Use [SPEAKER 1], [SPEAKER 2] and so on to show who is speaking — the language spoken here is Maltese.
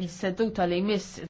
[SPEAKER 1] il seduta li jmiss